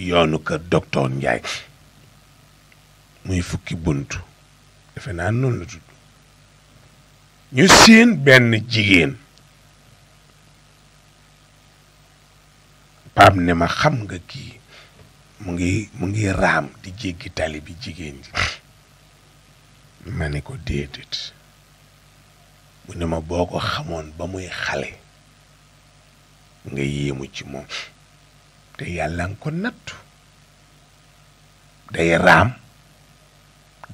yoonu kër docteur njaay muy fukki buntu defe naa noonu la tudd ñu seen benn jigéen paam ne ma xam nga kii mu ngi mu ngi raam di jéggi tali bi jigéen ji ma ne ko déedéet mu ne ma boo ko xamoon ba muy xale nga yéemu ci moom te yàlla nga ko nattu day raam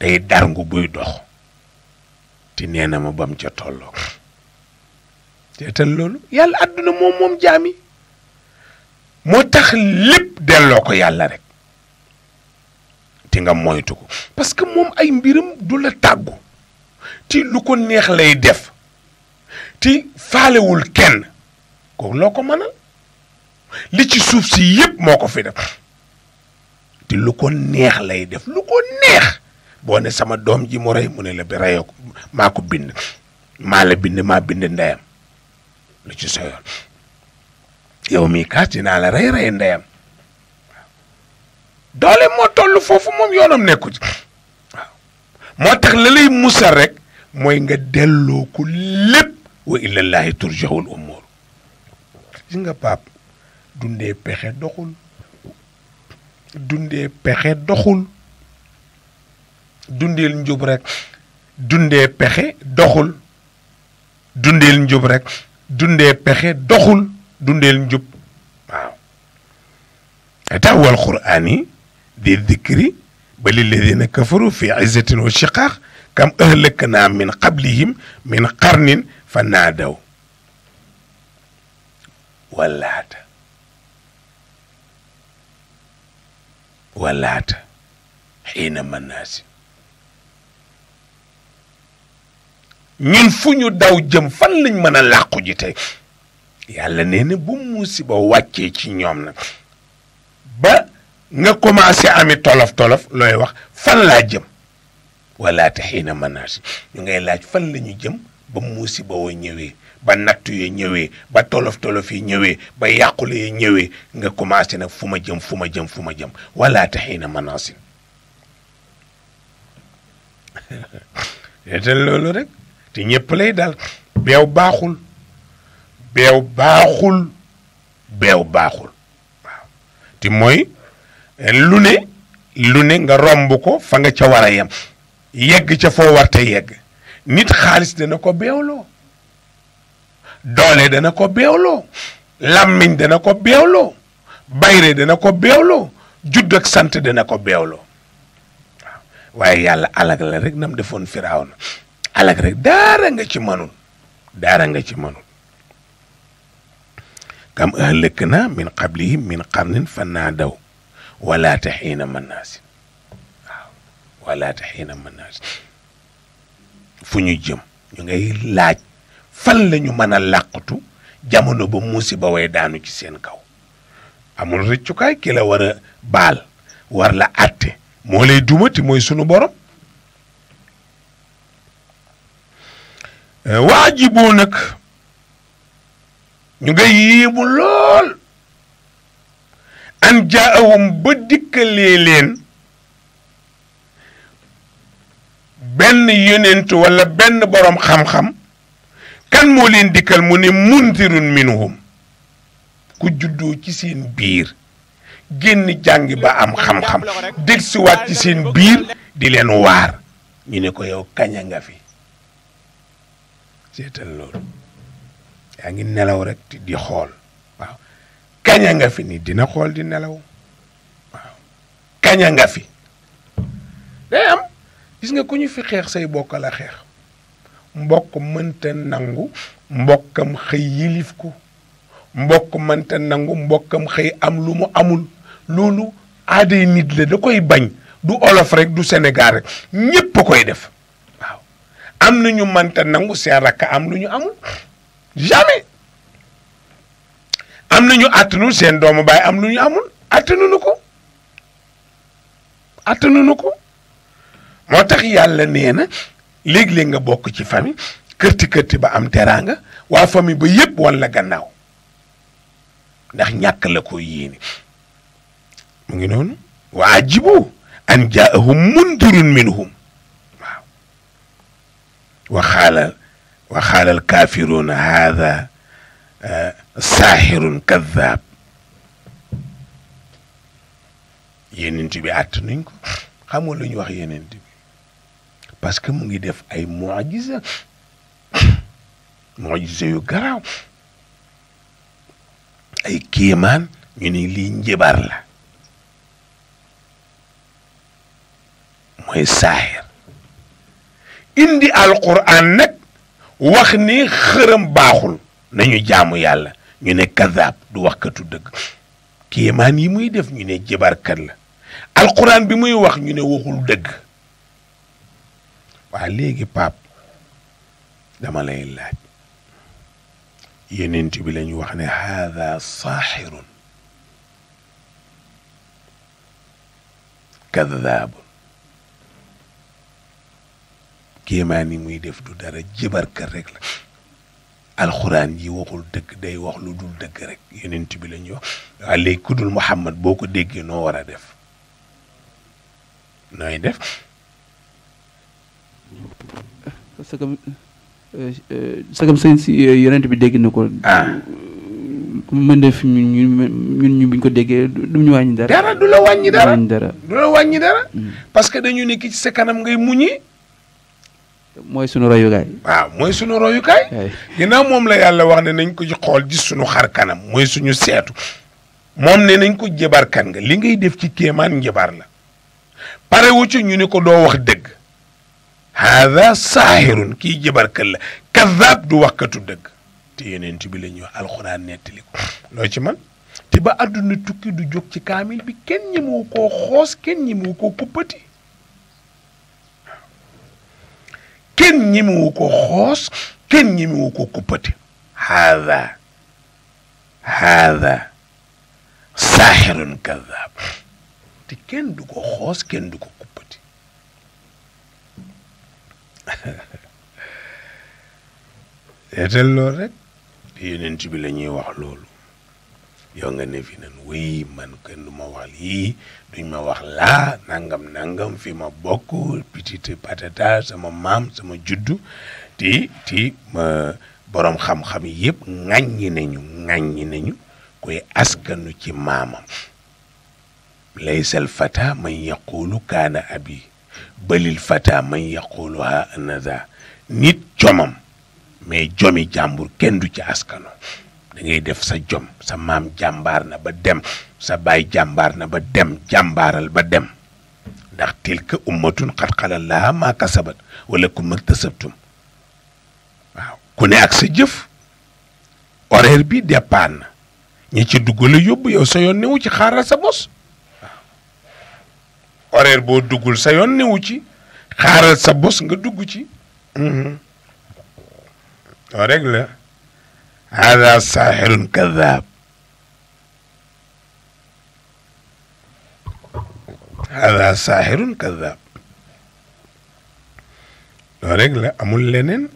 day darngu buy dox te nee na ma bam ca tolloo teetal loolu yàlla àdduna moom moom jaami moo tax lépp delloo ko yàlla rek te nga moytu ko parce que moom ay mbiram du la tàggu ti lu ko neex lay def ti faalewul kenn ko loo ko mënal li ci suuf si yëpp moo ko fi def te lu ko neex lay def lu ko neex boo ne sama doom ji mu rey mu ne la bi reyoo maa ko bind maa la bind maa bind ndeyam lu ci soyoon yow mii kaas dinaa la rey rey ndeyam doole moo toll foofu moom yoonam nekku ci moo tax la lay musal rek mooy nga delloo ko lépp wa ilallahi turjaul umur gis nga pap dundee pexe doxul dundee pexe doxul dundeel njub rek dundee pexe doxul dundeel njub rek dundee pexe doxul dundeel njub waaw tax wal quraani di dikri ba lilladina kafaru fi izzatin wa shiqaaq kam ahlaknaa min qablihim min qarnin fa walaata xiina manaasi ñun fu ñu daw jëm fan lañ mën a làqu ji tey yàlla nee na bu musiba wàccee ci ñoom na ba nga commencé ami tolof-tolof looy wax fan laa jëm walaata xiina manaasi ñu ngay laaj fan la ñu jëm ba musiba wa ñëwee ba natt yi ñëwee ba tolof tolof yi ñëwee ba yàqule yi ñëwee nga commencé nag fu ma jëm fu ma jëm fu ma jëm wala taxiina manaasin teetal loolu rek te ñëpp lay dal beew baaxul beew baaxul beew baaxul waaw te mooy eh, lu ne lu ne nga romb ko fa nga ca war a yem yegg ca foo warte yegg nit xaalis dana ko beewloo doole dana ko beewloo làmmiñ dana ko beewloo bayre dana ko beewloo judd sant dana ko beewloo waaye yàlla alag rek nam defoon firaaw na alag rek daara nga ci mënul daara nga ci mënul kam ahlëkk na min qablihim min qarnin fannaadaw walaata xiina manaasin waaw walaata xiina manaasin fu ñu jëm ñu ngay laaj fan lañu mën a làqatu jamono ba musiba way daanu ci seen kaw amul rëccukaay ki war a baal war la àtte moo lay dumati mooy sunu borom eh, waa boo nag ñu ngay yéemu lool an jaawum ba dikkalee leen benn yonent walla benn borom xam-xam kan moo leen dikkal mu ne mundirun minhum ku juddoo ci seen biir génn jàng ba am xam-xam dellusiwaat ci seen biir di leen waar ñu ne ko yow kaña nga fi seetal loolu xool waaw nga fi ni dina xool di nelaw kaña nga fi day am gis nga ko ñu fi xeex say bokk la xeex mbokk mënta nangu mbokkam xëy yilif ko mbokk mënta nangu mbokkam xëy am lu mu amul loolu aaday nit la da koy bañ du olof rek du Sénégal rek ñépp a koy def waaw am na ñu mënta nangu seen rakk am lu ñu amul jamais am na ñu àttanul seen doomu baay am lu ñu amul àttanuñu ko àttanuñu ko moo tax yàlla nee na léeg-léeg nga bokk ci famille kërti kërti ba am teraanga waa famille ba yépp wan gannaaw ndax ñàkk la ko yéene mu ngi noonu wa ajibu an jaahum mundirun minhum waaw wa xaala haada uh, saaxirun kaddaab yenent bi àtt nañ ko xamul ñu wax yenent bi parce que mu ngi def ay mojisa mojisa yu garaaw ay kéemaan ñu ni lii njëbaar la mooy saaxir indi alquran nag wax ni xërëm baaxul nañu jaamu yàlla ñu ne kazaab du waxkatu dëgg kéemaan yi muy def ñu ne jëbarkat la alquran bi muy wax ñu ne waxul dëgg waa léegi pap dama lay laaj yenent bi la ñu wax ni haada saaxirun kadaabun kéemaan yi muy def du dara jëbarkat rek la alxuraan ji waxul dëgg day wax lu dul dëkk rek yonent bi la ñuy wax ku dul Muhammad boo ko déggee noo war a def nooy def sagam euh, euh, sagam sëñ si euh, yonent bi dégg na ko. Ah. mën def ñun ñun ñu buñ ko déggee du ñu wàññi dara. dara du la wàññi dara du la wàññi dara. Mm. parce que dañu nekk ci sa kanam ngay muñi. mooy sunu royukaay. waaw mooy sunu royukaay. ginnaaw moom la yàlla wax ne nañ ko ci xool ci suñu xar kanam mooy suñu seetu. moom ne nañ ko jëbaar kan nga li ngay def ci kéemaan njëbaar la. pare wu ñu ni ko doo wax dëgg. haada saaxirun kii jëbarkat la kazaab du waxkatu dëgg te yeneen bi la alxuraan nettali ko loo ci man te ba àdduna tukki du jóg ci kaamil bi kenn ñemewu xoos kenn ñemewu koo kuppati kenn ko xoos kenn ñemewu ko kuppati haada haada saaxirun kazaab te kenn du ko xoos kenn du ko kuppati seetal lool rek yonent bi la ñuy wax loolu yow nga ne fi nan wéy man kenn du ma wax lii duñ ma wax laa nangam nangam fi ma bokk petite patata sama maam sama juddu ti ti ma borom xam-xam yëpp ŋàññi nañu ŋàññi nañu koy askanu ci maamam laysal fata may yaqulu kaana abi balil fata man yaquluha anaza nit jomam mais jomi jàmbur kenn du ci askano dangay def sa jom sa maam jàmbaar na ba dem sa baay jàmbaar na ba dem jàmbaaral ba dem ndax tilka ummatun xat xalal laha maa kasabat wala ku mag tasabtum waaw ku ne ak sa jëf horaire bi dépend na ñi ci dugg la yóbbu yow sa yoon newu ci xaaral sa bos horaire boo duggul sa yoon newu ci xaaral sa bos nga dugg ci mhm. oo rek la hada saaxirun kadab hada amul leneen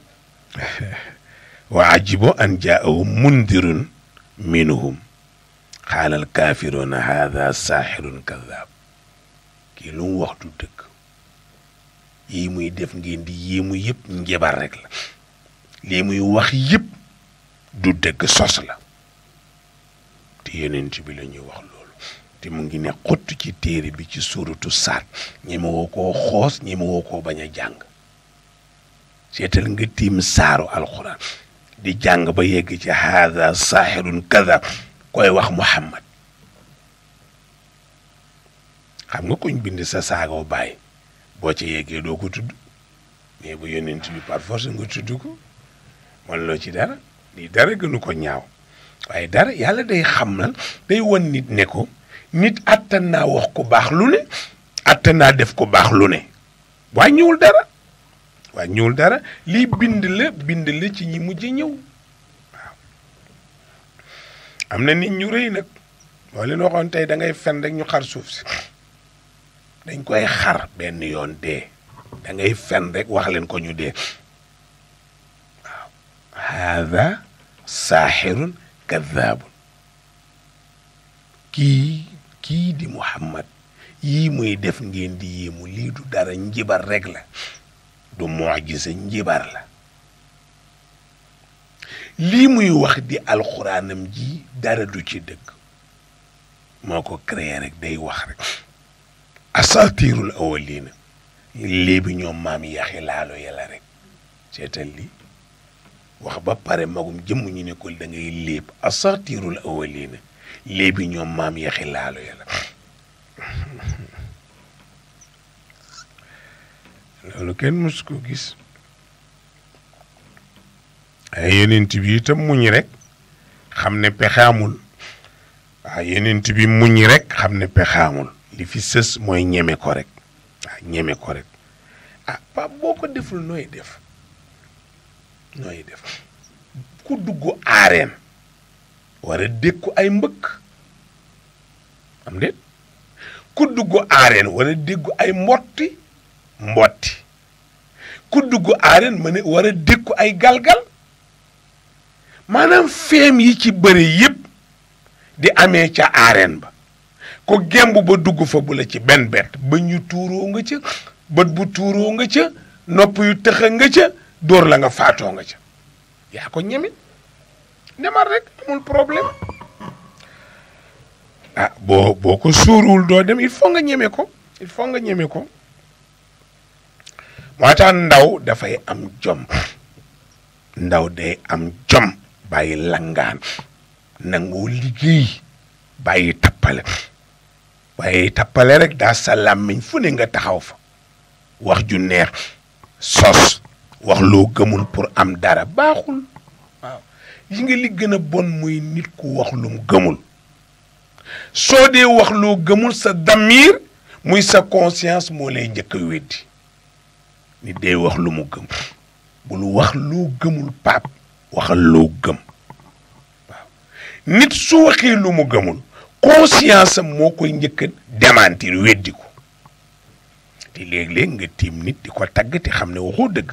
wa ajibo an jaahum mundirun minhum xaalal kaafiruuna hada saaxirun kadab kii lu mu wax du dëgg yii muy def ngeen di yéemu yëpp njabar rek la lii muy wax yépp du dëkk sos la te yeneen bi lañuy wax loolu te mu ngi ne xott ci téere bi ci suuratu saat ñi ko xoos ñi ma bañ a jàng seetal nga tiim saaru alxuraan di jàng ba yegg ci haada saaxirun kaza koy wax muhammad xam nga kuñ bind sa saagoo bàyyi boo ci yeggee doo ko tudd mais bu yonent bi par force nga tudd ko man loo ci dara lii dara gënu ko ñaaw waaye dara yàlla day xam na day wan nit ne ko nit attan naa wax ku baax lu ne attan naa def ko baax lu ne waaye ñëwul dara waaye ñëwul dara lii bind la bind la ci ñi mujj ñëw waaw am na nit ñu rëy nag boo leen waxoon tey da ngay fen rek ñu xar suuf si dañ koy xar benn yoon dee da fen rek wax leen ko ñu dee waaw haada saaxirun kaddaabun kii kii di muhammad yii muy def ngeen di yéemu lii du dara njibar rek la du mojisa njibar la lii muy wax di alxuraanam ji dara du ci dëkk moo ko créé rekk day wax rek asatirul awalina lii bi ñoom maam yaxi laalo yàlla rek seetal li wax ba pare magum jëmm ñu ne ko da ngay léeb asatirul awalina lii bi ñoom maam yaxi laalo yàlla loolu kenn mës ko gis ay yenent bi itam muñ rek xam ne pexe amul waaw yenent bi muñ rek xam ne pexe li fi sës mooy ñeme ko rek ah ñeme ko rek ah boo ko deful nooy def nooy def ku dugg aareen war mbëkk am déet ku dugg aareen déggu ay mbotti mbotti ku dugg aareen ma ne war a ay galgal maanaam feem yi ci bëri yépp di amee ca aareen ba ko gemb ba dugg fa bu la ci benn bett bañ ñu tuuroo nga ca bët bu tuur tuuroo nga ca nopp yu tëxa nga ca dóor la nga faatoo nga ca yaa ko ñeme demal rek amul problème ah boo boo ko suuruwul doo dem il faut nga ñeme ko il nga ñeme ko moo tax ndaw dafay am jom ndaw day am jom bàyyi langaan nangoo liggéey bàyyi tappale waaye tappale rek daa sa làmmiñ fu ne nga taxaw fa wax ju neex sos wax loo gëmul pour am dara baaxul waaw yi nga li gën a bon muy nit ku wax lu mu gëmul soo dee wax loo gëmul sa damir muy sa conscience moo lay njëkk a weddi nit day wax lu mu gëm bul wax loo gëmul paap waxal loo gëm nit su waxee lu mu gëmul conscience moo koy njëkk a démentir weddi ko te léeg-léeg nga tiim nit di ko tagg xam ne waxoo dëgg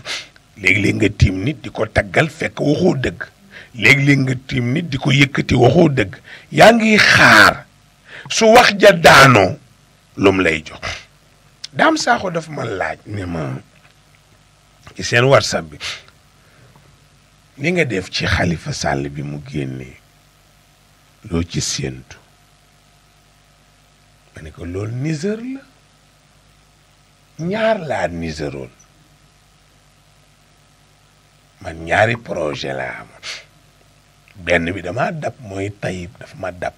di ko taggal fekk waxoo dëgg léeg-léeg nga tiim nit di ko yëkkati waxoo dëgg yaa ngi xaar su wax ja daanoo lum lay jox daam saaxo daf ma laaj ne ma ci seen whatsapp bi li nga def ci xalifa sàll bi mu génnee loo ci séentu ma ne lool loolu Niger la ñaar laa Nigeroon man ñaari projet laa am benn bi dama dab mooy Tayib dafa ma dab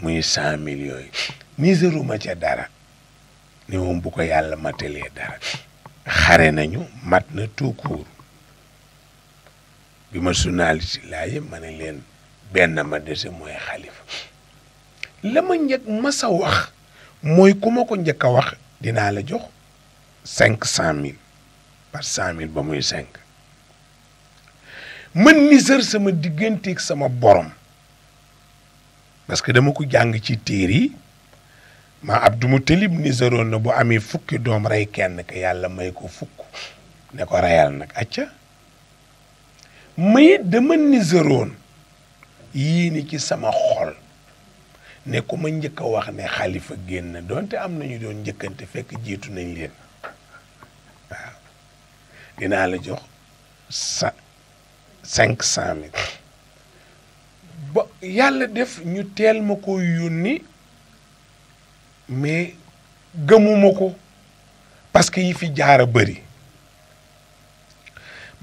muy cent millions yi Nigeruma ca dara ni moom bu ko yàlla matalee dara xare nañu mat na tout bi ma journaliste laaye ma ne leen benn ma dese mooy xalifa la ma njëkk mas a wax mooy ku ma ko njëkk a wax dinaa la jox cinq cent mille par cent mille ba muy cinq man misère sama digganteeg sama borom parce que dama ko jàng ci tiir yi ma Abdou Moutalib niséroon na bu amee fukki doom rey kenn ka yàlla may ko fukk ne ko reyal nag acca may dama niséroon yii ni ci sama xol ne ku ma njëkk a wax ne xalifa génn donte am na ñu doon njëkkante fekk jiitu nañ leen waaw dinaa la jox sa cinq cent mille ba yàlla def ñu teel ma ko yónni mais gëmuma ko parce que yi fi jaar a bari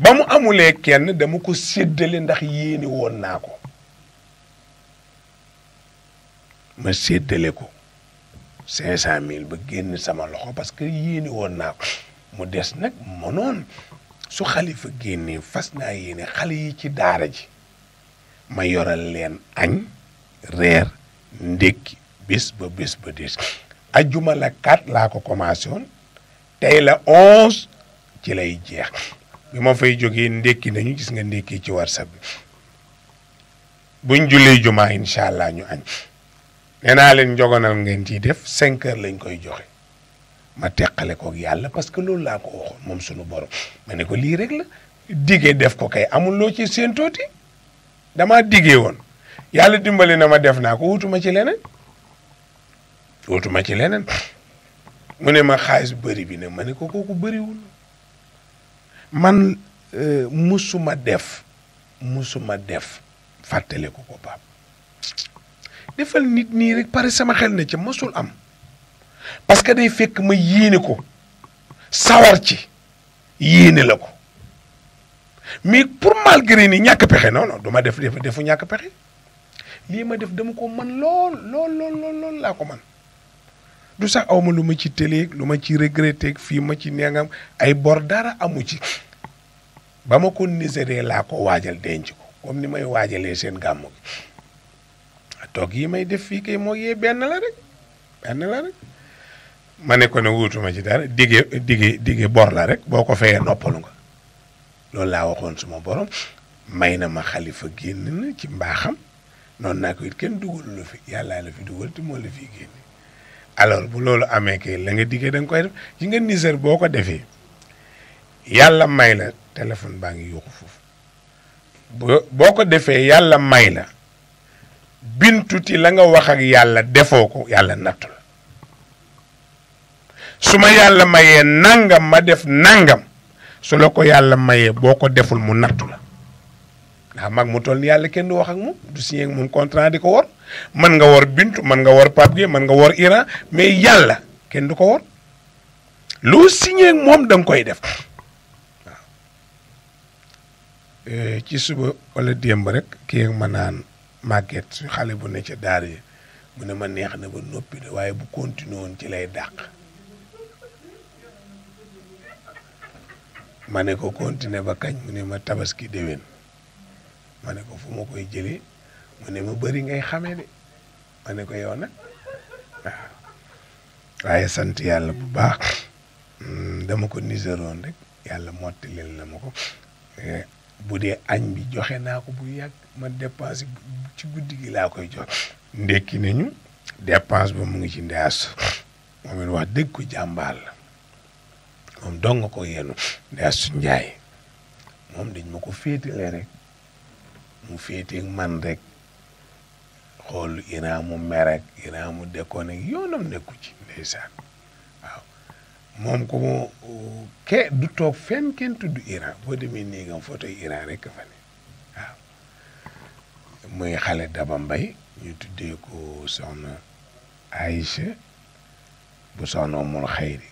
ba mu amulee kenn dama ko séddale ndax yéene woon naa ko ma séddale ko cinq cent mille ba génn sama loxo parce que yéene woon naa ko mu des nag mënoon su xalifa génnee fas naa yéene xale yi ci daara ji ma yoral leen añ reer ndékki bés ba bés ba des ajjuma la laa ko commencé woon tey la onze ci lay jeex bi ma fay jógee ndékki nañu gis nga ndékki ci whatsapp bi buñ jullee jumaa incha allah ñu añ nee naa leen njogonal ngeen ciy def cinq heures lañ koy joxe ma teqale koog yàlla parce que loolu laa ko waxoon moom sunu borom ma ne ko lii rek la diggee def ko kay amul loo ci seen tooti dama diggee woon yàlla dimbale na ma def naa ko wutuma ci leneen wutuma ci leneen mu ne ma xaalis bari bi ne ma ne ko kooku bëriwul man euh, musuma def musuma def fàttale ko ko pap defal nit nii rek pare sama xel na ci masul am parce que day fekk ma yéene ko sawar ci yéene la ko mais pour malgré ni ñàkk pexe non non def ma def defu ñàkk pexe lii ma def dama ko man lool lool lool lool laa ko man du sax aw ma lu ma ci téléeg lu ma ci regretté fii ma ci neengam ay bor dara amu ci ba ma ko niseree laa ko waajal denc ko kom ni may waajalee seen gàmmu gi toog yi may def fii kay moo yee benn la rek benn la rek ma ne ko ne wutuma ci dara digge digge digge bor la rek boo ko feyee noppalu nga loolu laa waxoon suma borom may na ma xalifa génn na ci mbaaxam noonu naa ko it kenn dugalu la fi yàlla la fi dugal ti moo la fi génne alors bu loolu amee kay la nga diggee da koy def ci nga niser boo ko defee yàlla may la téléphone baa ngi yuuxu foofu boo ko defee yàlla may la bintuti la nga wax ak yàlla defoo ko yàlla nattu la su ma yàlla mayee nangam ma def nangam su la ko yàlla mayee boo ko deful mu nattu la ndax mag mu toll yàlla kenn du wax ak moom du signé moom contrat di ko wor mën nga wor bintu mën nga wor Pape Gueye man nga wor Iran mais yàlla kenn du ko wor loo signé moom da koy def waaw euh, ci suba walla démb rek kii ak ma naan màgget su xale bu ne ca daar yi mu ne ma neex na ba noppi de waaye bu continué woon ci lay dàq ma ne ko continué ba kañ mu ne ma tabaski déwén ma ne ko fu ma koy jëlee mu ne ma bari ngay xamee de ma ne ko yoona nag waaye sant yàlla bu baax hmm, dama ko niseroon rek yàlla mottilil na ma ko eh, bu dee añ bi joxe naa ko bu yàgg man dépense ci guddi gi laa koy jox ndekki nañu dépense ba mu ngi ci ndeas moom it wax dëgg ko jàmbaar la dong ko yenu ndeas su moom dañ ma ko féetale rek mu féeteeg man rek xool iraa mu mer ak mu dekkoon ak yoonam nekku ci ndeysaan moom ko mo ke du toog fenn kenn tudd Iran boo demee néegam photo Iran rek fa muy xale Daba Mbaye ñu tuddee ko soxna Aïcha bu soxna Umul Xayri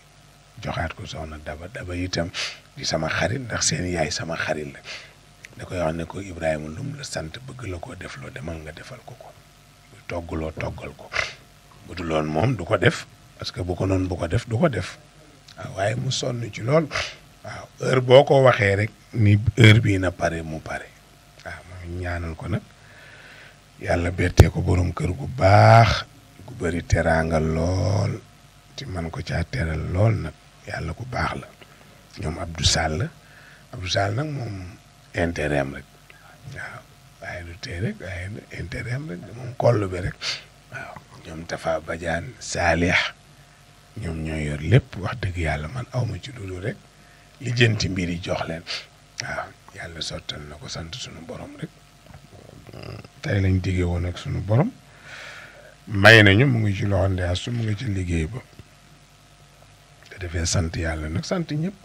joxaat ko soxna Daba Daba itam di sama xarit ndax seen yaay sama xarit la da koy wax ne ko Ibrahima lu mu la sant bëgg la koo def loo demal nga defal ko ko bu toggaloo toggal ko bu du moom du ko def parce que bu ko noonu bu ko def du ko def Ah, waaye mu sonn ci lool waaw ah, heure boo ko waxee rek ni heure bii na pare mu pare waaw ah, mooy ñaanal ko nag yàlla bettee ko boroom kër gu baax gu bari teraanga lool ci man ko caa teral lool nag yàlla ku baax la ñoom ab Abdou Sall Abdou Sall nag moom intérêt am rek waaw waaye lu tey rek waaye intérêt am rek moom koll bi rek waaw ñoom Tafa Badiane Salih ñoom ñoo yor lépp wax dëgg yàlla man awma ci loolu rek li jënti mbir yi jox leen waaw yàlla sottal na ko sant sunu borom rek tey nañ digge woon ak sunu borom may nañu mu ngi ci loxo Ndeye Astou mu ngi ci liggéey ba te defee sant yàlla nag sant ñépp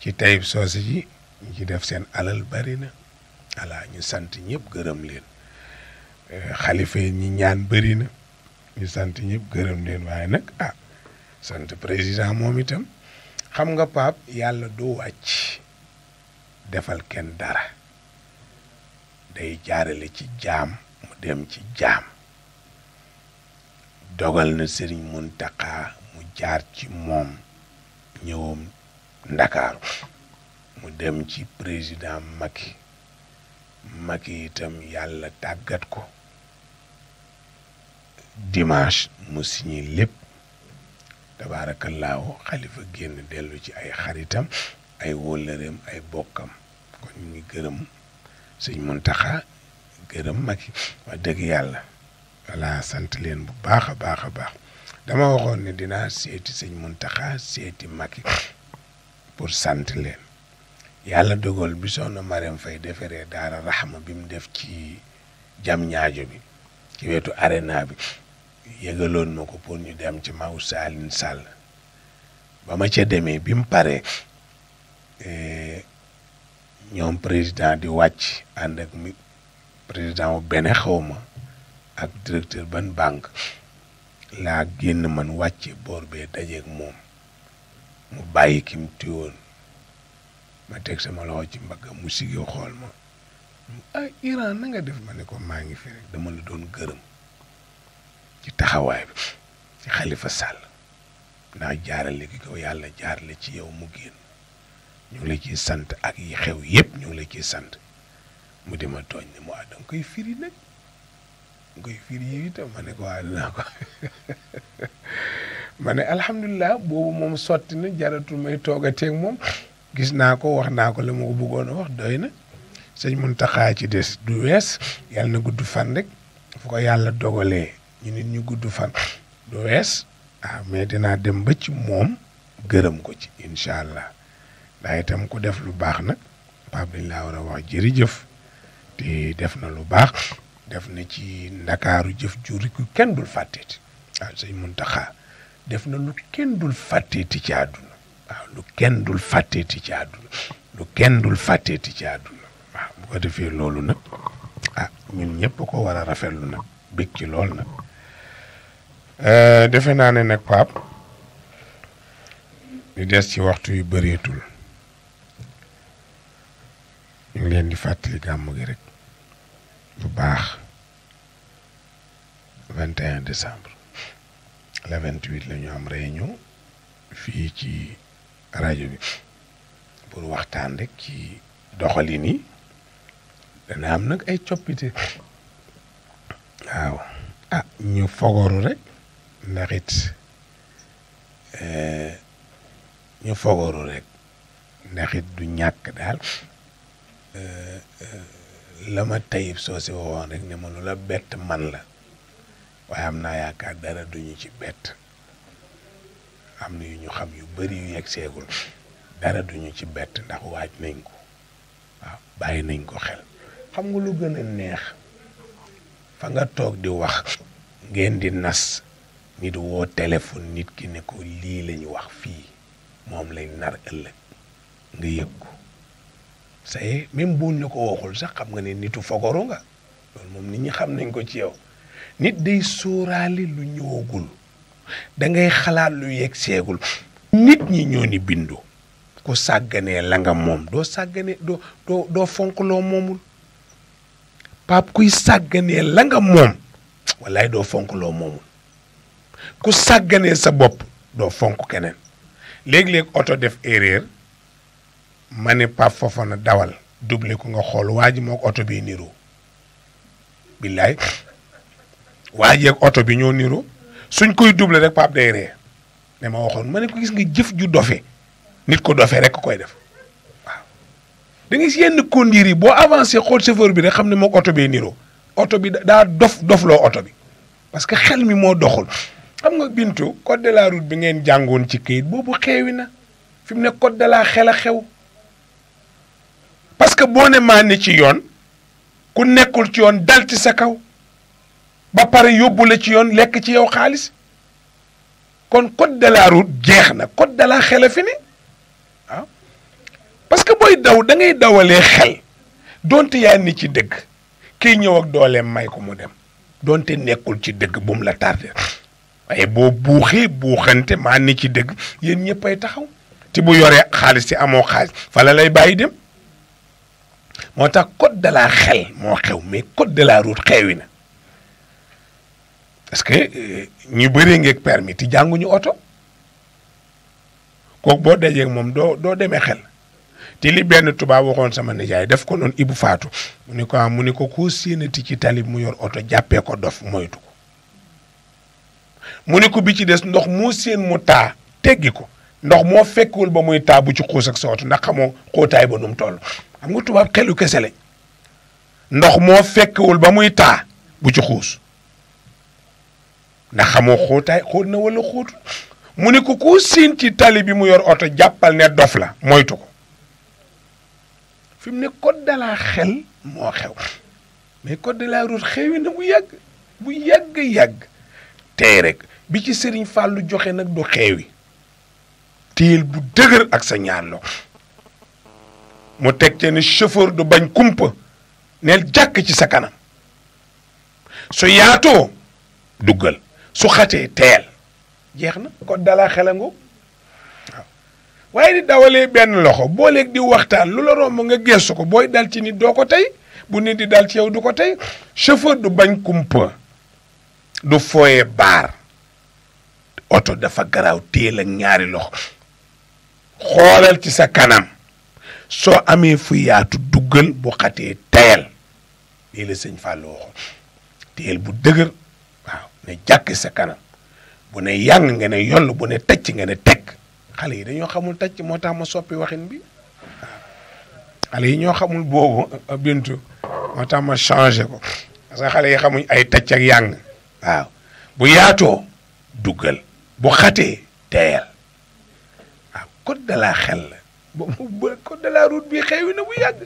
ci tayib soose ji ñu ci def seen alal bari na ala ñu sant ñëpp gërëm leen eh, xalifa yi ñi ñaan bari na ñu sant ñëpp gërëm leen waaye nag ah, sant président moom itam xam nga Pape yàlla du wàcc defal kenn dara day jaarale ci jaam mu dem ci jaam dogal na mun Mountakha mu jaar ci moom ñëwam Ndakaaru mu dem ci président Macky Macky itam yàlla tàggat ko dimanche mu signé lépp tabaarakallaahu xalifa génn dellu ci ay xaritam ay wóllëreem ay bokkam kon ñu ngi gërëm sëñ Muntaxa gërëm Macky wax dëgg yàlla voilà sant leen bu baax a baax a baax dama waxoon ni dina seeti sëñ Muntaxa seeti Macky pour sant leen yàlla dogal bi soxna Marème fay deferee daara raxma bi mu def ci jam ñaajo bi ci wetu arena bi yëgaloon ma ko pour ñu dem ci maw Saalin Sall ba ma ca demee bi mu paree eh, ñoom président di wàcc ànd ak mi président wu bene xaw ma ak directeur ban banque laa génn man wàcce boor bee dajeeg moom mu bàyyi ki mu téyoon ma teg sama loxo ci mbagga mu siggi xool ma ay ah, Iran na nga def ma ne ko maa ngi fi rek dama la doon gërëm ci taxawaay bi ci xalifa sàll ndax jaarale gi ko yàlla jaarale ci yow mu génn ñu la ciy sant ak yi xew yépp ñu ngi la ciy sant mu dima tooñ ne mu ah, danga koy firi nag nga koy firi yi itam ma ne ko waa ah, dinaa ko ma ne alhamdulilah boobu moom sotti na jaratul may toog moom gis naa ko wax naa ko la mu ko bëggoon a wax doy na sëñ taxaa ci des du wees yàlla na gudd fan rek fu ko yàlla dogalee ñu nit ñu gudd fan du wees ah mais dinaa dem ba ci moom gërëm ko ci incha allah ndaa itam ku def lu baax nag Pape laa war a wax jërëjëf te def na lu baax def na ci ndakaaru jëf juri ku kenn dul fàtteeti waaw sëñ def na lu kenn dul fàtteeti ci àdduna lu kenn dul fàtteeti ci àdduna kenn dul fàtteeti ci àdduna waaw bu ko defee loolu nag ah ñun ñëpp ko war a rafetlu nag bég ci loolu nag Euh, defe naa ne nag Paap li des ci waxtu yu bareetul ñu ngi leen di fàttali gàmm gi rek bu baax 21 décembre le 28 la ñu am réunion fii ci rajo bi pour waxtaan rek ci doxalin yi dana am nag ay coppite waaw ah ñu fogoru rek. ndaxit it eh, ñu fogoru rek ndax du ñàkk daal eh, eh, la ma tayib soo si waxoon rek ne ma lu la bett man la waaye am naa yaakaar dara duñu ci bett am na yu ñu xam yu bari yu yegg seegul dara duñu ci bett ndax waaj nañ ko waaw bàyyi nañ ko xel xam nga lu gën a neex fa nga toog di wax ngeen di nas nit woo téléphone nit ki ne lii lañu wax fii moom lay nar ëllëg nga yëg ko saye même buñ la ko waxul sax xam nga ne nitu fogoru nga loolu moom nit ñi xam nañ ko ci nit day sóoraale lu ñëwagul da xalaat lu yegg seegul ñi ñoo ni bindoo ku sàgganee la nga moom doo sàgganee doo doo fonk loo moomul pap kuy sàgganee la nga moom wallaay doo fonk loo moomul ku sàgganee sa bopp doo fonk keneen léeg-léeg oto def erreur ma ne Pape Fofana dawal duble ko nga xool waa ji moog oto bi niroo billaay waa ji oto bi ñoo niroo suñ koy double rek Pape day ree ne ma waxoon ma ne ko gis nga jëf ju dofe nit ko dofee rek koy def waaw da ngay si yenn conduire yi boo avancé xool chauffeur bi rek xam ne moog oto bee niroo oto bi daa dof dofloo oto bi parce que xel mi moo doxul. xam nga Bintu code de bi ngeen jàngoon ci kayit boobu xeewi na fi mu ne code de xel a xew parce que boo ne maa ne ci yoon ku nekkul ci yoon dal ci sa kaw ba pare yóbbu la ci yoon lekk ci yow xaalis kon code de jeex na code de la xel a fi ne waaw ah. parce que booy daw da ngay dawalee xel donte yaa ni ci dëgg kiy ñëw ak dooleem may ko mu dem donte nekkul ci dëgg bu mu la tardé. waaye boo buuxee buuxante maa ni ci dëgg yéen ñëppay taxaw te bu yoree xaalis te amoo xaalis fala lay bàyyi dem moo tax code de xel moo xew mais code de la route xewi na parce que euh, ñu bëree ngeeg permis te jànguñu oto kooku boo dajee moom doo doo demee xel te li benn tubaab waxoon sama nijaay def ko noonu Ibou Fatou mu ni ko ah, mu ni ko koo séenati ci tali mu yor oto jàppee ko dof moytu ko mu ne ko bi ci des ndox moo seen mu taa teggi ko ndox moo fekkul ba muy taa bu ci xuus ak sawatu ndax xamoo xóotaay ba nu mu toll nga tubaab xelu kese lañ ndox moo fekkul ba muy taa bu ci xuus ndax xamoo xóotaay xóot na wala xóotul mu ne ko ku siin ci tali bi mu yor oto jàppal ne dof la moytu ko fi mu ne code de la xel moo xew mais code de la route xewi na bu yàgg bu yàgg yàgg tey rekk bi ci sëriñ Fallou joxe nag du xeewi téyel bu dëgër ak sa ñaar mu teg te ni chauffeur du bañ kumpa neel jàkk ci sa kanam su yaatoo duggal su xatee teel jeex na ko dalaa xelangu waaye di dawalee benn loxo boo leeg di waxtaan lu la romb nga geesu ko booy dal ci nit doo ko tey bu nit di dal ci yow du ko tey chauffeur du bañ kumpa du fooyee baar oto dafa garaaw téel ak ñaari loxo xoolal ci sa kanam soo amee fu yaatu duggal bu xatee tayal lii la sëñ Fallou waxoon téel bu dëgër waaw ne jàkk sa kanam bu ne yàng nga ne yoll bu ne tacc nga ne teg xale yi dañoo xamul tacc moo tax ma soppi waxin bi xale yi ñoo xamul boobu bintu moo tax ma ko parce que yi xamuñ ay tacc ak waaw bu yaatoo duggal bu xatee teeyal waaw code de la la ba code de la route bi na bu yàgg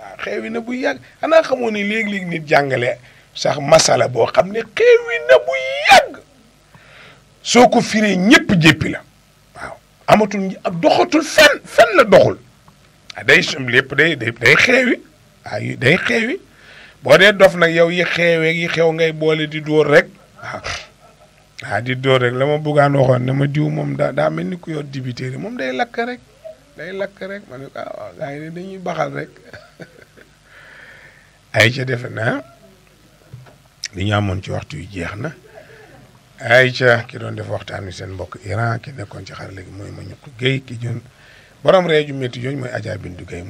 waaw xeewi na bu yàgg xanaa xamoo ni léegi-léegi nit jàngale sax masala boo xam ne xeewi na bu yàgg soo ko firee ñëpp jéppi la waaw amatul doxatul fenn fenn la doxul ah day lépp day day xeewi ah day xeewi boo dee dof nag yow yi xeeweeg yi xew ngay boole di dóor rek ah, ah di dóor rek la ma buggaan waxoon ne ma diw moom daa daa mel ni ku yor dibiteeri moom day lakk rek day lakk rek ma ne ko ah, dañuy baxal rek ay ca defe naa li ñu amoon ci waxtu yu jeex na ay ca ki doon def waxtaan wi seen mbokk Iran ki nekkoon ci xarale léegi mooy ma ñuq géey ki joon borom réew ju métti jooju mooy Adja Bintou Gueye